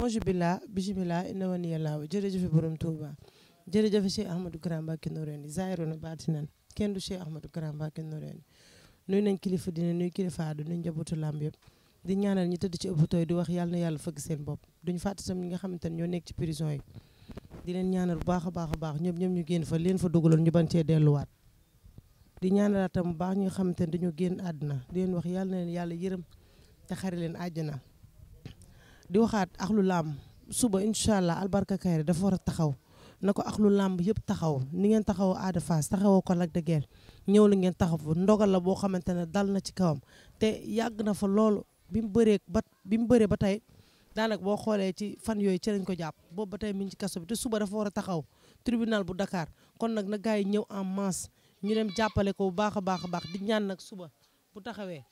ange billah bisimillah inna wa niya laaw jërëjëfe borom Touba jërëjëfe Cheikh Ahmadou Kara Mbacké Noreyni zaahiruna baatinan kenn du Cheikh Ahmadou Kara Mbacké Noreyni nuyu nañ kilifa dina nuyu kilifa aadu nuyu njabootu làmb yëpp di ñaanal ñi tëdd ci hôpital di wax yàlla na yàlla fëgg seen bopp duñ fàtte tam ñi nga xamante ne ñoo nekk ci prison yi di leen ñaanal bu baax a baax a baax ñoom ñoom ñu génn fa leen fa dugaloon ñu ban cee delluwaat di ñaanal tam bu baax ñi nga xamante ne dañoo génn àdduna di leen wax yàlla leen yàlla yërëm te xare leen àjjana di waxaat ak lu làmb suba incha allah albarka kayre dafa war a taxaw na ko ak lu làmb yëpp taxaw ni ngeen taxaw Ada Fass taxawoo ko Lac de ñëw la ngeen taxaw ndogal la boo xamante ne dal na ci kawam te yàgg na fa loolu bi mu bëree ba bi mu bëree ba tey daanak boo xoolee ci fan yooyu ci lañ ko jàpp boobu ba tey mi ngi ci kaso bi te suba dafa war a taxaw tribunal bu dakaar kon nag na gars yi ñëw en masse ñu dem jàppale ko bu baax a baax a baax di ñaan nag suba bu taxawee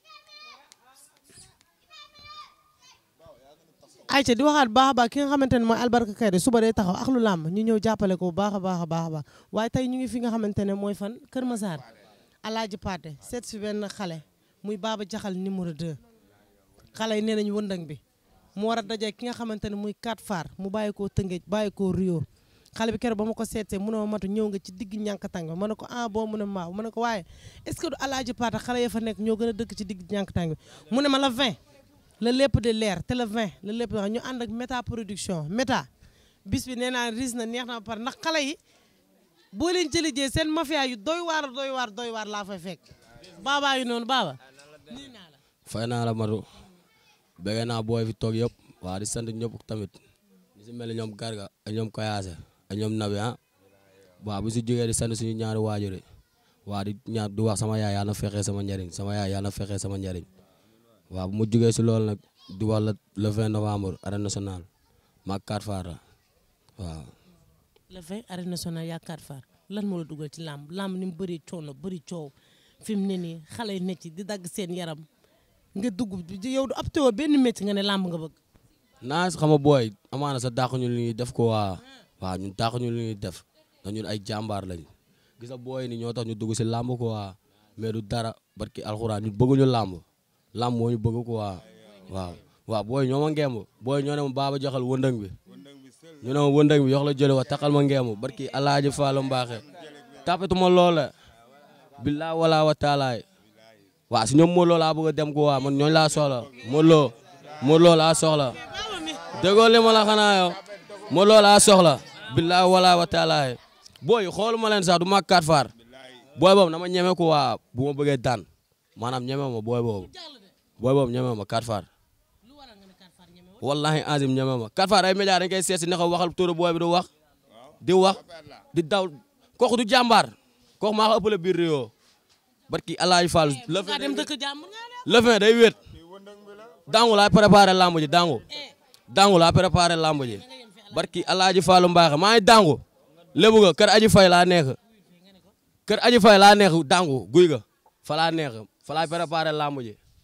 ayca di waxaat baax a baax ki nga xamante ne mooy Albarka Kairé suba day taxaw ak lu làmb ñu ñëw jàppale ko bu baax a baax baax a waaye tey ñu ngi fi nga xamante ne mooy fan Kër Massar Alaaji Paate seet si na xale muy baaba Jaxal numéro 2 xale yi nee nañu wëndang bi mu war a daje ki nga xamante ne muy 4 faar mu bàyyi koo Tëngéej bàyyi koo Rio xale bi keroog ba mu ko seetee mu ne ma matu ñëw nga ci digg ñànkatang bi ma ne ko ah boo mu maa maaw ne ko waaye est-ce que du Alaaji Paate xale ya fa nekk ñoo gën a dëkk ci digg ñànkatang bi mu ne ma la la lépp di leer te le 20 la lépp ñu ànd ak méta production méta bis bi nee naa riis na neex na par ndax xale yi boo leen jëlee jee seen mafia yu doy waar doy waar doy waar laa fay fekk baabaa yu noonu baaba nuyu naa la. fay naa la Madou bëgg naa booy fi toog yëpp waa di sant ñëpp tamit ñu si mel ñoom Garga ak ñoom Koyaase ak ñoom Nabi ah waaw si jógee di sant suñu ñaari waajur waar di ñaar di wax sama yaay yaa na sama njariñ sama yaay yaa na fexee sama njariñ waaw mu ma jugee si loolu nag di wax la le 20 novembre arène nationale Faar la waaw. le 20 arène nationale yaa Kaat Faar lan moo la dugal ci làmb làmb ni mu bëri coono bëri coow fi mu ne nii xale yi ne ci di dagg seen yaram nga dugg yow du ab teewoo benn métti nga ne làmb nga bëgg. naa xam nga booy amaana sa dàq ñu li ñuy def ko waa waaw ñun dàq ñu li ñuy def ndax ñun ay jàmbaar lañ gis nga booy ni ñoo tax ñu dugg si làmb ko waa mais du dara barki alxuraan ñun bëgguñu làmb. lam mo ñu bëgg quoi waaw waaw booy ñoo ma ngemb booy ñoo ne ma joxal wëndëng bi ñu ne wëndëng bi joxla la wa takal ma barki alaaji faala mbaaxe tapetuma loola billaa wala wa taala waa si ñom mo loola bëgg dem quoi man ñooñu laa soxla mo Lo mo loola laa soxla déggoo le ma la xana yo mo loola laa soxla billaa wala wa boy xol xooluma len sa du makkat far boy bob nama ñëmé quoi bu ma bëggee daan manam ñëmé mo boy bob booy boobu ñeme ma quatre far wallahi azim ñeme ma quatre far ay média dañ koy seet waxal tóora booy bi du wax di wax di daw kooku du jàmbaar kooku maa ko ëppale biir barki alaaji Fall eh, le fin day wéet dangu laa préparé lamb dangu dangu laa préparé lamb ji barki alaaji Fallu Mbaaxe maa dangu lébu ga kër aji fay laa nekk dangu guy ga fa laa nekk fa laa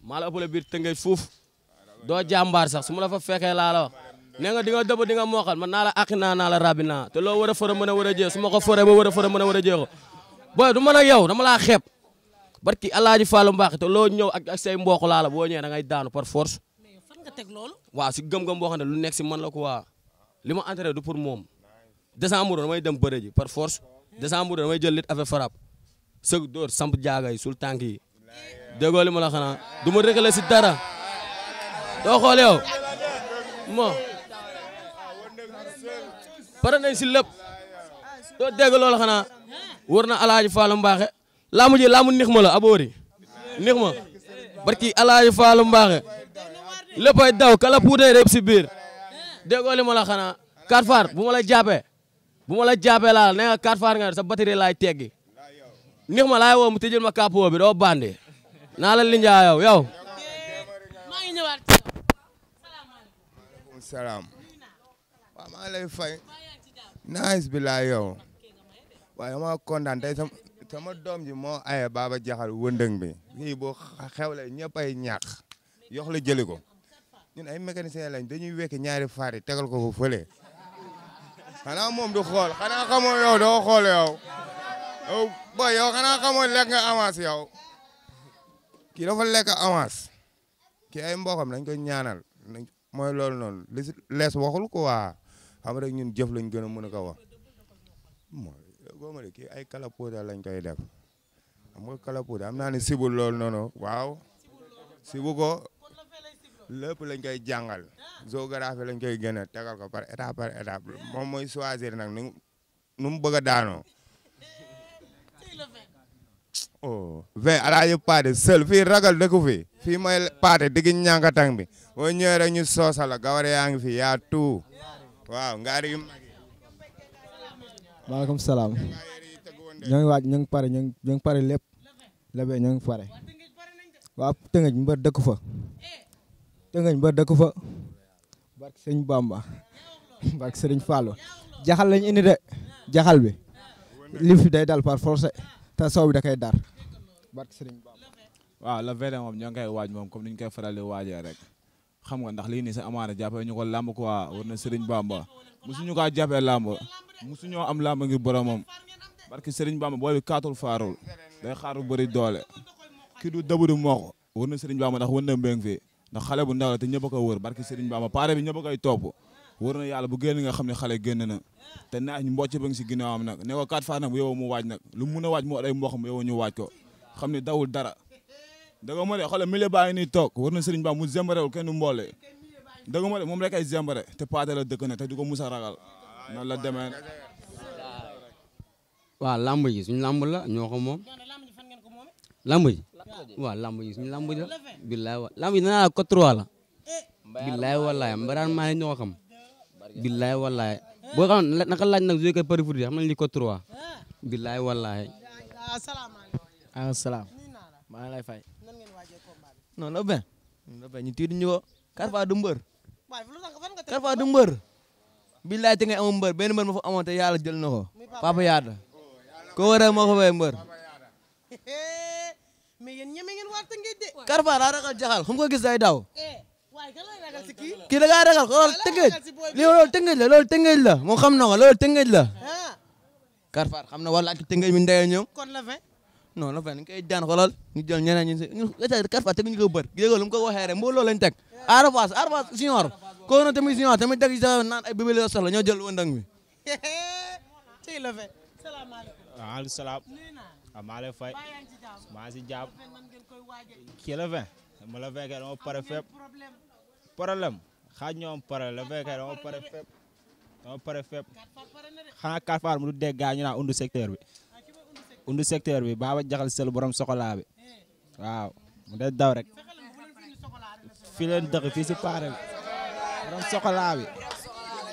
mala ëppale biir ngay fuuf doo jàmbaar sax su ma la fa fekkee laa la wax nee nga di nga dëbb di nga mooxal man naa la aqi naa naa la rabi naa te loo war a fëra mën a war a jee su ma ko fëre ba war a mën a war du yow dama laa xeeb barki alaaji Fallou Mbacké te loo ñëw ak ak say mbokk laa la boo ñëwee da ngay daanu par force waaw si gëm-gëm boo xam ne lu nekk si man la quoi li ma entraîné du pour moom décembre damay dem bëre ji par force décembre damay jël lit avec farap sëg dóor samp jaagay sul tànk déggoo li ma la xanaa du ma rëkkale si dara doo xool yow mo pare nañ si lépp doo dégg xanaa wër na alaaji Fallou Mbaxe laamu ji laamu nix ma la aboori nix ma barki alaaji Fallou Mbaxe léppay daw kala puutee rek si biir déggoo ma la xanaa quatre far bu ma la jàppee bu ma la jàppee laal nee nga quatre far nga sa batterie laay teggi nix ma laay woo mu tëjël ma capot bi doo bandi naa la linjaa yow yow. maa maa ngi lay fay. nice bi laa maa kontaan tey sama doom ji moo aye Baba Jaxal wëndëng bi fii boo xewle ñëpp ay ñàkk yox la jëli ko ñun ay mécanicien lañ dañuy wekki ñaari faar yi tegal ko fu fële. xanaa moom yow doo xool yow. yow booy yow xanaa xamoo lekk nga kii dafa lekk avance kii ay mbokkam nañ ko ñaanal mooy loolu noonu li si lees waxul ko waa xam rek ñun jëf lañ gën a mën a ko wax mooy gooma de kii ay kalapuuta lañ koy def xam nga kalapuuta am naa ne sibul loolu noonu waaw sibu ko lépp lañ koy jàngal géographie lañ koy gën a tegal ko par étape par étape moom mooy choisir nag nu nu mu bëgg a daanoo eh, mais oh. alaaji paate seul fii ragal dëkku fii fii mooy paate digg ñànkatang bi boo ñëwee rek ñu soosala gawar yaa ngi fi yaa tout waaw ngaari yu mag maaleykum salaam ñoo ngi waaj ñoo ngi pare ñoo ngi pare lépp lebe ñoo pare waaw tëngëj mbër dëkku fa tëngëj mbër dëkku fa barke sëñ Bamba barke sëriñ Fallu jaxal lañ indi de jaxal bi li fi day dal par force te sow bi da dar barke Serigne Bamba waaw la vrai moom ñoo ngi koy waaj moom comme ni ñu faral di waajee rek xam nga ndax lii nii sa amaana jàppee ñu ko làmb quoi war na Serigne Bamba musuñu kaa jàppee am làmb ngir boromam barke Serigne Bamba booy bi kaatul faarul day xaaru bëri doole kii du daburi moo ko war na Serigne Bamba ndax war na mbéng fii ndax xale bu ndaw la te ñëpp a ko wër Bamba pare bi ñëpp a koy topp na yàlla bu génn nga xam ne xale génn na te naaj mbocc ba ngi si ginnaawam nag ne ko quatre fois nag bu yow waaj nag lu mun a waaj mu ay mboxam yow ñu waaj ko xamni dawul dara dago mo le xoolal milieu baa ngi nii toog war na Serigne Ba mu zembare zembarewul kenn mbolé dago mo le mom rek ay zembare te paate la dëkk na te du ko musa ragal noonu la demé wa lamb yi suñu lamb la ñoo ko moom lamb yi wa lamb yi suñu lamb la billahi wa lamb yi na ko trois la billahi wallahi mbaraan ma ñoo xam billahi wallahi bo xam naka laaj nak joué ko pari foot xam nañ li ko trois billahi wallahi assalamu alaykum waaw salaam maa ngi lay fay. nan ngeen waajee combat bi. non Laobé. Laobé ñu tiit ñu ko. Carfa du mbër. Carfa du mbër. billaay te ngay amul mbër benn mbër ma fa amoon te yàlla jël na ko. Papa Yada. ko waral moo ko fay mbër. mais yéen ñeme ngeen waat ngeen de. Carfa daa ragal jaxal xam ko gis day daw. Eh, kii da ngaa ragal ko loolu tëngëj lii loolu tëngëj la loolu tëngëj la moom xam na ko loolu tëngëj la. Carfa ah. xam na wala ak tëngëj mi ndey ñoom. non la fay dañ koy daan xoolal ñu jël ñeneen ñi ñu quatre fois teg ñu ko bër déggoo lu waxee rek mbooloo lañ teg Ada Fass Ada Fass senior ko na senior tamit teg naan ay la soxla ñoo jël wëndang mi ci la fay salaamaaleykum waaleykum salaam ah, maa lay fay maa si jàpp kii la fay ma la fekkee dama pare fépp problème xaaj undu secteur bi undu secteur bi baaba jaxal sel borom sokolaa bi waaw mu day daw rek fi leen dëkk fii si paare bi borom sokolaa bi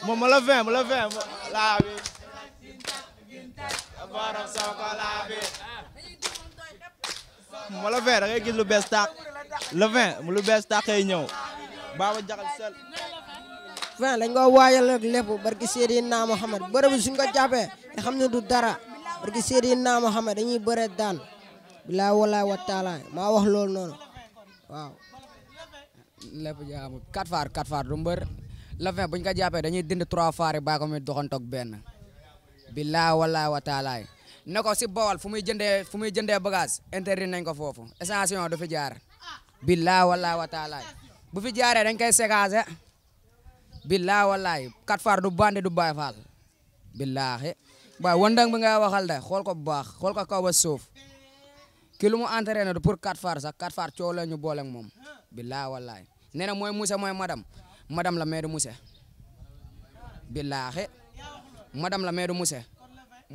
moom ma la vin ma la vin laa bi borom sokolaa bi ma la vin da ngay lu bees tàq le vin mu lu bees tàqee ñëw baaba jaxal sel vin dañ ko waajal ak lépp barki Seydina Muhammad bërëb suñ ko jàppee nga xam ne du dara parce que Seydina Mohamed dañuy bëre daan bilaa walaay wa taala maa wax lool noonu waaw. lépp jaamu quatre faar quatre faar du mbër la buñ bu ñu ko jàppee dañuy dindi trois faar yi bàyyi ko muy doxantoog benn bilaa walaay ne ko si bawal fu muy jëndee fu muy jëndee bagage interdit nañ ko foofu station du fi jaar bilaa walaay wa bu fi jaaree dañ koy séquencé bilaa walaay quatre faar du bandi du Baay Faal bilaahi waaw wandang bi nga waxal de xool ko bu baax xool ko kaw ba suuf ki lu mu entraîné pour quatre far sax quatre far coow la ñu boole moom bilaa wallaay nee na mooy monsieur mooy madame madame la maire monsieur bilaaxe madame la maire monsieur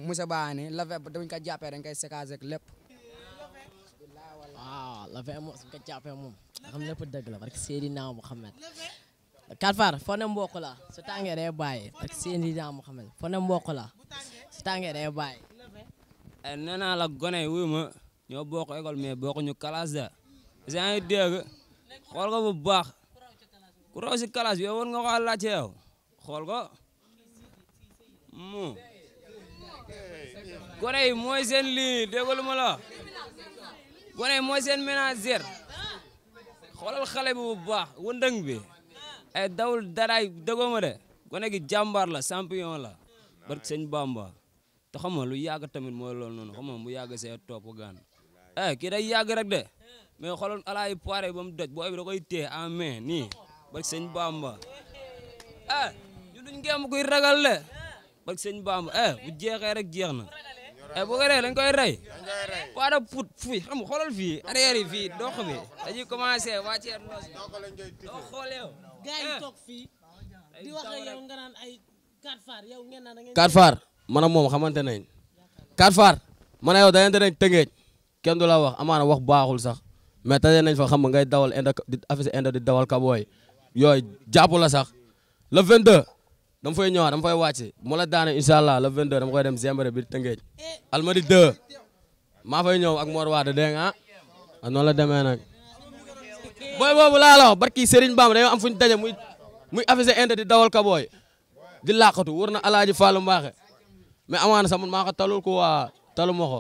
monsieur baani la fe dañ ko jàppee dañ koy séquence ak lépp waaw ah, la fe moom suñ ko jàppee moom xam lépp dëgg la parce que Seydina Mouhamed Kalfar foo ne mboq laa su tàngee day bàyyi ak seen i jàmm eh, la gone yi wuyu ma ñoo bokk école mais bokkuñu classe da yaa ngi dégg xool ko bu baax ku mu hmm. gone yi mooy seen lii déglu ma la gone yi mooy seen ménagère xoolal ay eh, dawul daraay dëggoo ma de gone gi jàmbaar la champion la barke sëñ Bamba te xam nga lu yàgg tamit mooy loolu noonu xam mu yàgg see topp gaan eh kii day yàgg mais xoolal alaayu poire ba mu doj booy bi koy téye en main nii barke sëñ Bamba eh ñu duñ ngeem kuy ragal de barke sëñ eh, rek jeex na eh bu ko rey dañ koy rey poire de put fuy xam nga xoolal fii arrière yi fii dox bi dañuy commencé wàccee gars yi eh. toog ay quatre far yow ngeen naan da ngeen. quatre moom xamante nañ quatre far man ak yow dajante nañ tëngeej kenn du la wax amaana wax baaxul sax mais tase nañ fa xam nga ngay dawal indi di affiche di dawal kabooy yooy jàppu la sax le 22 dama fay ñëwaat dama fay wàcc mu la daane incha allah le 22 dama koy dem Zembere bi tëngeej eh. almadi 2 maa fay ñëw ak Mor Wade dégg nga ah, noonu la demee nag. booy boobu laa la wax barki Serigne Bamba dañoo am fu ñu daje muy muy affiché inde di dawal ka booy di laqatu wër na alaaji Fallou Mbaxe mais amaana sax man maa ko talul ko waa talu ma ko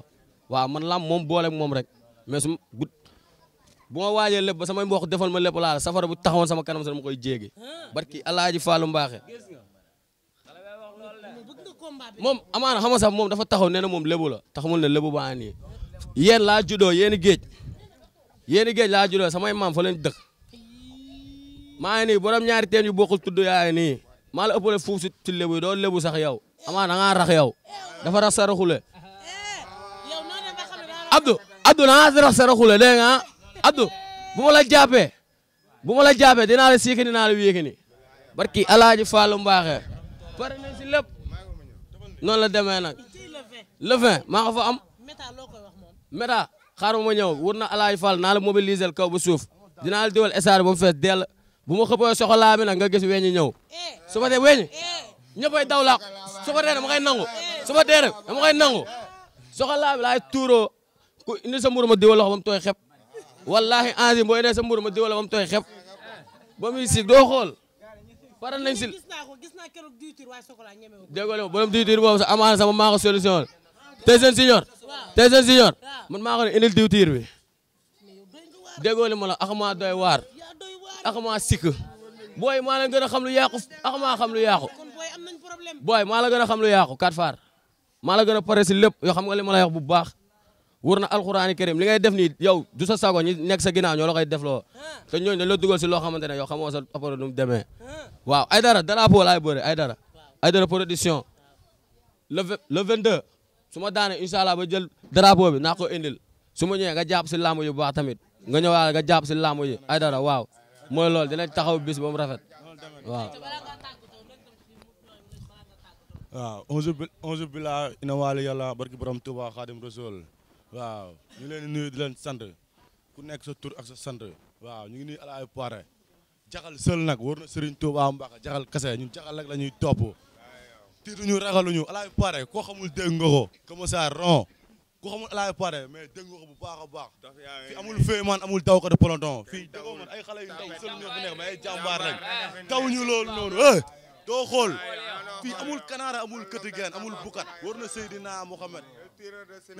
waaw man lam moom boole moom rek mais su bu ma waajee lépp ba samay mbokk defal ma lépp laa la safara bu taxawoon sama kanam sax ma koy jéegi barki alaaji Fallou Mbaxe moom amaana xam nga sax moom dafa taxaw nee na moom lébu la taxamul ne lébu baa nii yéen laa juddoo yéen géej yéeni géej laa juddoo samay maam fa leen dëkk maa ngi nii ñaari teen yu bokkul tudd yaa ngi nii maa la ëppale fuuf si ci doo lébu sax yow amaa da ngaa rax yow dafa rax sa raxule Abdou Abdou da rax sa raxule dégg nga Abdou bu ma la jàppee bu ma la jàppee dinaa la siiki dinaa la wéeki ni barki alaaji Fallou Mbaxe pare si lépp noonu la demee nag le maa ko am méta xaaral ma ñëw wër na alaay fal naa la mobiliser kaw ba suuf dinaa la diwal estaad ba mu fees dell bu ma xëppoo soxolaa bi nag nga gis weñi ñaw su ma dee weñi ñëppay daw laa su ma dee dama koy nangu su ma dee dama koy nangu soxolaa bi laay tuuroo ku indi sa mburu ma diwal loxo ba mu tooy xep wallaahi angi boo indee sa mburu ma diwal ba mu tooy xep ba muy si doo xool faral nañ si déggoo borom diitur boobu sa amaana sama maa ko Tyson Senior Tyson Senior man maa ko ne indil diwtiir bi déggoo li ma la axamaa doy waar axamaa sikk booy maa la gën a xam lu yàqu axamaa xam lu yàqu booy maa la gën a xam lu yàqu quatre far maa la gën a pare si lépp yoo xam ma la bu baax wër na alxuraani karim li ngay def ni yaw du sa sago ñi nekk sa ginnaaw ñoo la koy def loo ah. te ñooñu dañ la dugal si loo xamante ne yow xamoo sa appareil nu mu demee ah. waaw ay dara dara po laay bëre ay dara ay dara production le su ma daane incha allah ba jël drapeau bi naa ko indil su ma ñëwee nga jàpp si làmb ji bu baax tamit nga ñëwaat ga jàpp si làmb ji ay dara waaw mooy loolu dinañ taxaw bis ba mu rafet waaw. waaw onze bi onze bi laa ina waale yàlla barki borom Touba Xaadim Rasul waaw ñu ngi leen di nuyu di leen sant ku nekk sa tur ak sa sant waaw ñu ngi nuyu alaay poire jaxal sël nag wóor na Serigne Touba Mbacke jaxal kase ñun jaxal rek la ñuy topp. tiituñu ragaluñu alaayu pare koo xamul dégg nga ko comme ça ron koo xamul alaayu pare mais dégg nga ko bu baax a baax fi amul féemaan amul daw ko de polonton fii déggoo man ay xale yu ndaw sël ñoo fi nekk mais ay jàmbaar rek dawuñu loolu noonu doo xool fii amul kanaara amul këtigeen amul bukat war na Seydina Mohamed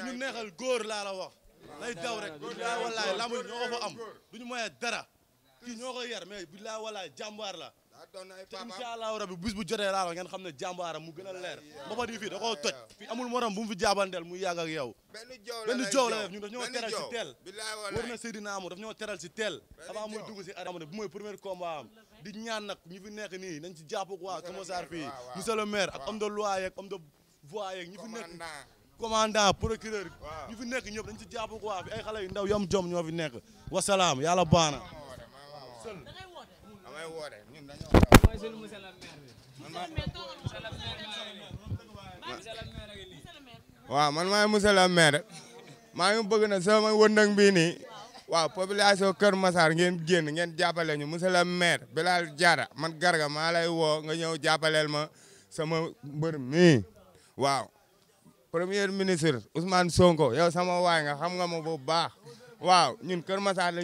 ñu neexal góor laa la wax lay daw rek billaay wallaay lamb ñoo ko fa am duñu maye dara kii ñoo ko yar mais billaay wallaay jàmbaar la te incha allahu rabi bis bu jotee laa ngeen xam ne jàmbaaram mu gën a leer mbapat yi fii da koo toj amul morom bu mu fi jaabandeel mu yàgg ak yow benn joow la def ñun daf ñoo teral si teel war na Seydina Amou daf ñoo teral si teel avant muy dugg si arène bi mooy premier combat am di ñaan nag ñu fi nekk nii nañ si jàpp waa Keur Massar fii monsieur le maire ak homme de loi yeeg homme de voie yeeg fi nekk commandant procureur ñu fi nekk ñëpp dañ si jàpp waa fi ay xale yu ndaw yam jom ñoo fi nekk wasalaam yàlla baana damay man maay monsieur le maire maa ngi bëgg na sama wëndëng bii nii waaw population Kër Massar ngeen génn ngeen jàppale ñu monsieur le maire Bilal man Garga maa lay woo nga ñëw jàppaleel ma sama mbër mi waaw premier ministre Ousmane Sonko yow sama waay nga xam nga ma bu baax waaw ñun Kër Massar la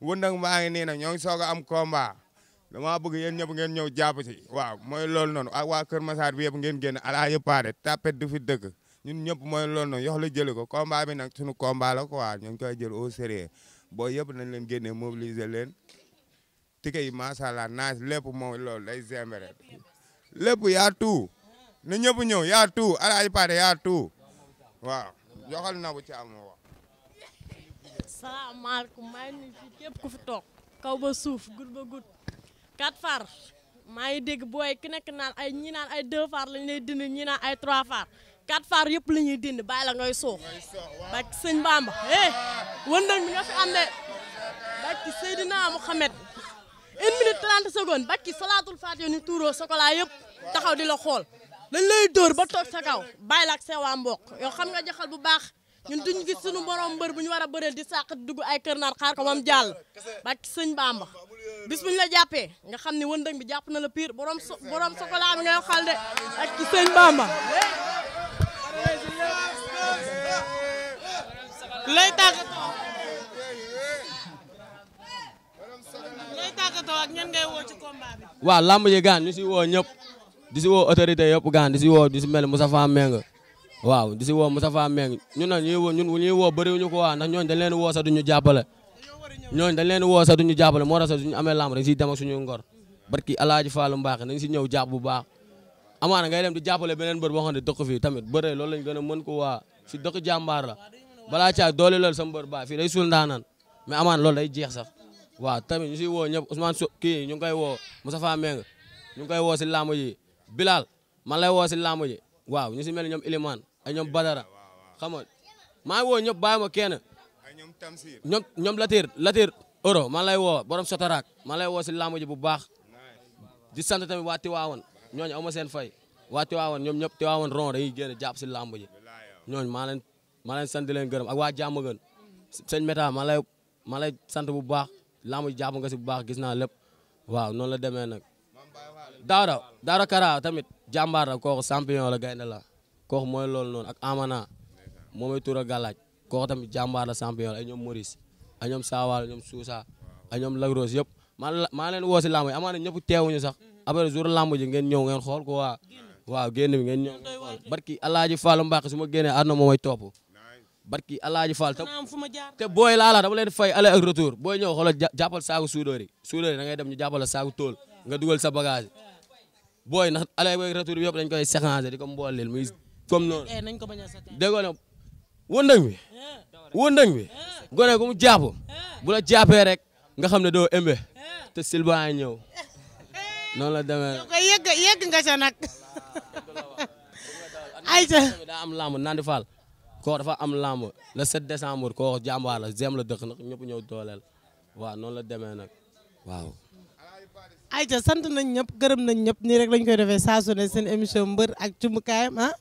wën nag maa ngi nii nag ñoo ngi soog a am combat damaa bëgg yéen ñëpp ngeen ñëw jàpp ci waaw mooy loolu noonu ak waa Kër Massar bi yëpp ngeen génn ala yëppaade tapet du fi dëkk ñun ñëpp mooy loolu noonu yox la jëli ko combat bi nag suñu combat la quoi ñu ngi koy jël au sérieux boo yëpp nañ leen génnee mobiliser leen tike yi macha allah naaj lépp mooy loolu day zembere lépp yaa tout na ñëpp ñëw yaa tout ala yëppaade yaa tout waaw joxal na bu ci am wax salaamaaleykum maa ngi fii képp ku fi toog kaw ba suuf gud ba gud quatre far maa ngi dégg booy ki naan ay ñi ay deux far lañ lay dindi ñi ay trois far quatre far yëpp la ñuy dindi bàyyi la ngay suux bak sëñ Bamba eh wëndal mi nga fi am de bakki Seydina Mouhamed une minute trente faat yo ni tuuroo sokola yëpp taxaw di la xool lañ lay dóor ba toog sa kaw bàyyi la ak xam nga jaxal bu baax ñun duñ gis suñu borom mbër buñu wara war bëreel di sax dugg ay kër naar xaar ko moom jàll bàkki señ Bamba bis buñ la jappé nga xamni ne wëndëng bi japp na la pire borom borom sokola bi ngay xal de ak ci señ Bamba lay tàggatoo lay tàggatoo ak ñan ngay woo ci wo bi. waaw làmb yi gaan ñu di si woo autorité yëpp gaan di si woo di si mel Moussa Fane Menga waaw di si woo Moustapha Meng ñun nag ñuy woo ñun ñuy woo bëriwuñu ko waa ndax ñooñu dañ leen woo sax duñu jàppale ñooñu dañ leen woo sax duñu jàppale moo tax sax duñu amee lamb rek si dem ak suñu ngor barki alaaji Fallou Mbacke nañ si ñëw jàpp bu baax amaana ngay dem di jàppale beneen bër boo xam ne dëkk fii tamit bëre loolu lañ gën a mën ko waa si dëkk jàmbaar la balaa caa doole loolu sama bër baa fii day suul ndaanaan mais amaana loolu day jeex sax waaw tamit ñu si woo ñëpp Ousmane so kii ñu ngi koy woo Moustapha Meng ñu ngi koy woo si lamb yi Bilal man lay woo si lamb yi waaw ñu si mel ñoom Ilimane ay ñoom Badara xam nga maa ngi woo ñëpp bàyyi ma kenn ñoom Tamsir ñoom ñoom Latir Latir man lay woo borom Sotaraak man lay woo si làmb ji bu baax di sant tamit waa Tiwaawan ñooñu aw ma seen fay waa Tiwaawan ñoom ñëpp Tiwaawan ron dañuy génn jàpp si làmb ji ñooñu maa leen maa leen sant di leen gërëm ak waa jàmm gën sëñ Meta ma lay ma sant bu baax làmb ji nga si bu baax gis naa lépp waaw noon la demee nag Daara Daara Kara tamit jàmbaar la kooku champion la gaynde la kooku mooy lool noonu ak amana moomay tuura gàllaaj kook tamit jàmbaar la champion la ay ñoom Maurice ay ñoom Saawaal ñoom Sousa ay ñoom Lagros yëpp maa maa leen woo si làmb yi amaana ñëpp teewuñu sax après jour làmb ji ngeen ñëw ngeen xool ko waa waaw génn bi ngeen ñëw ngeen xool barki Alaaji Fall Mbàkke su ma génnee àdduna moom mooy topp barki Alaaji Fall te booy laalaa dama leen fay aller ak retour booy ñëw xoolal jàppal saaku suudóor yi suudóor yi da ngay dem ñu jàppal saaku tool nga dugal sa bagage booy ndax aller booy retour yëpp dañ koy séquencé di ko mbooleel muy comme noonu. Eh, dégg nga wëndëng bi eh. wëndëng bi eh. gone ku mu jàpp bu la jàppee rek nga xam ne doo ëmbe te Sylvain ñëw noonu la demee. yegg yegg nag. ayca daa am lamb Nandi Fall kooku dafa am lamb le 7 décembre kooku jàmbaar la la dëkk nag ñëpp ñëw dooleel waaw noonu la demee nag waaw. ayca sant nañ ñëpp gërëm nañ ñëpp nii rek lañ koy defee saa ne seen émission mbër ak cumbukaayam ah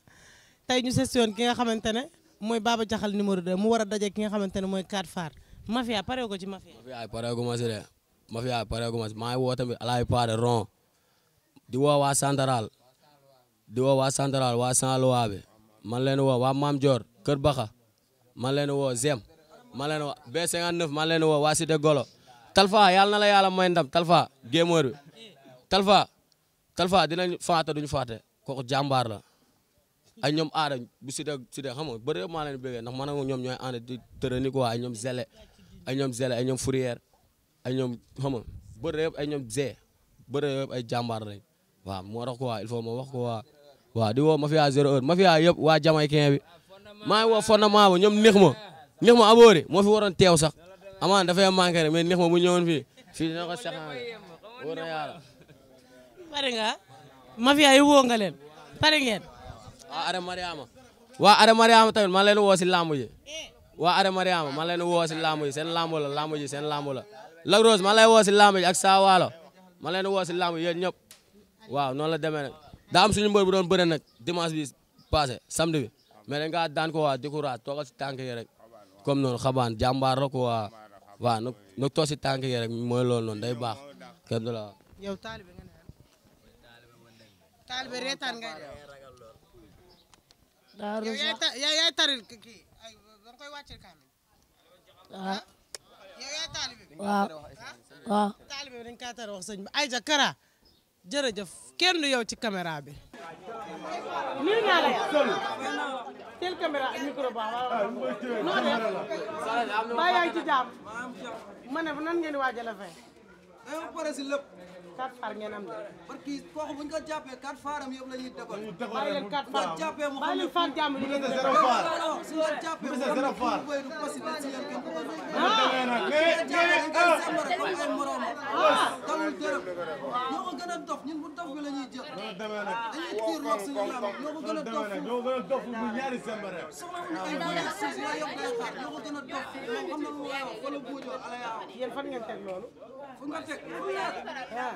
tey ñu session ki nga xamante ne mooy Baba Jaxal numéro de mu war a daje ki nga xamante ne mooy 4 Far mafia paree ko ci mafia. mafia paree ko ma de mafia paree ko ma si maa woo tamit alaay paare ron di woo waa Sandaral di woo waa Sandaral waa Sanluwa bi man leen woo waa Maam Dior Kër Baxa man leen woo Zem man leen woo B59 man leen woo waa Cité Golo Talfa yàlla na Talfa Talfa dinañ faata duñu faate kooku jàmbaar la ay ñoom aada bu si dee si dee xam nga bëri maa leen bëggee ndax man ak ñoom ñooy ànd di tërëni quoi ay ñoom zele ay ñoom zele ay ñoom fourrière ay ñoom ay ñoom zee bëri yëpp ay jàmbaar lañ waaw moo tax quoi il faut ma wax ko waa waaw di woo mafia zéro heure mafia yëpp waa jamaïcain bi maa ngi woo fondement ba ñoom neex ma neex ma aboori moo fi waroon teew sax amaan dafay manqué rek mais neex ma bu ñëwoon fii fii dina ko saxaan pare nga mafia yi woo nga leen pare ngeen. waa Ada Mariama waa Ada Mariama tamit man leen woo si lamb ji waa Ada Mariama man leen woo si lamb ji seen lamb la lamb ji seen lamb la Lac Rose man lay woo si lamb ji ak Sa Walo man leen woo si lamb yéen ñëpp waaw noonu la demee nag daa am suñu mbër bu doon bëre nag dimanche bi passé samedi bi mais dañ kaa daan ko waa décourage toogal si tànk yi rek comme noonu xabaan jàmbaar la ko waa waaw nag nag toog si tànk yi rek mooy loolu noonu day baax taalibe reetaan ngay def daaru sa yow yaay koy wàccee kaamil waaw ah. ah? yow yaay taalibe waaw ah? waaw taalibe dañ kaa tar wax sëñ bi ay jakara jërëjëf ci caméra bi nii naa la teel caméra ak micro ba waaw noo baa yaay ci quatre faar ngeen am de. parce que kooku bu ñu ko jàppee quatre faaram yëpp la ñuy décorer. dañuy décorer bàyyi leen quatre faar jàppee mu xam ne faar jàmm li ngeen di décorer. su la jàppee mu xam ne bu bëy du possible si yéen kenn. ah mais mais ah. ah tawul dërëm ñoo ko gën a dof ñun bu dof bi la ñuy jël. dañuy tiir roog suñu lam ñoo ko gën a dof. ñoo ko gën a dof bu ñaari sembare. soxla wu ñu ay bëri si la yóbbu ay xaar ñoo ko gën a dof ñoo xam na lu ma wax wala buujoo ala yaa. yéen fan ngeen teg loolu. fu nga teg. Ah.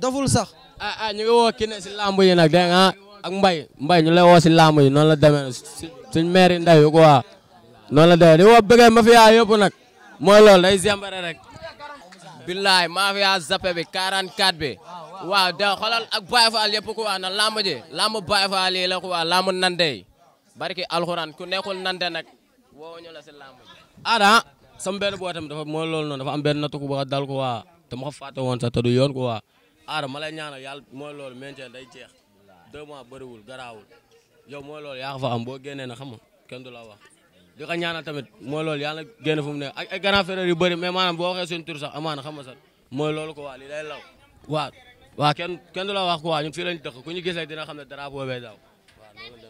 doful sax. ah ah ñu ngi woo kii ne si lamb yi nag dégg nga ak mbay mbay ñu lay woo si lamb yi noonu la demee suñ maire ndaw yi quoi noonu la demee di woo bëggee mafia yëpp nag mooy loolu day zembare rek. billaay mafia zappe bi 44 bi waaw da xoolal ak Baye Fall yëpp quoi na lamb ji lamb Baye Fall yi la quoi lamb nandey barki alxuraan ku nekkul nande nag woo ñu la si lamb ji. ah sama benn boo tam dafa mooy loolu noonu aara ma lay ñaanal yàlla moo loolu maintien day jeex da mois bëriwul garaawul yow mooy loolu yaa ko fa am boo génnee na xam nga kenn du la wax di ko ñaanal tamit mooy loolu yàlla génn fu mu ne ak ay grand frère yu bëri mais maanaam boo waxee seen tur sax amaana xam nga sax mooy loolu ko waa lii day law waa waa kenn kenn ko waa ñun fii lañ dëkk ku ñu gis rek dina xam ne drapeau bee daw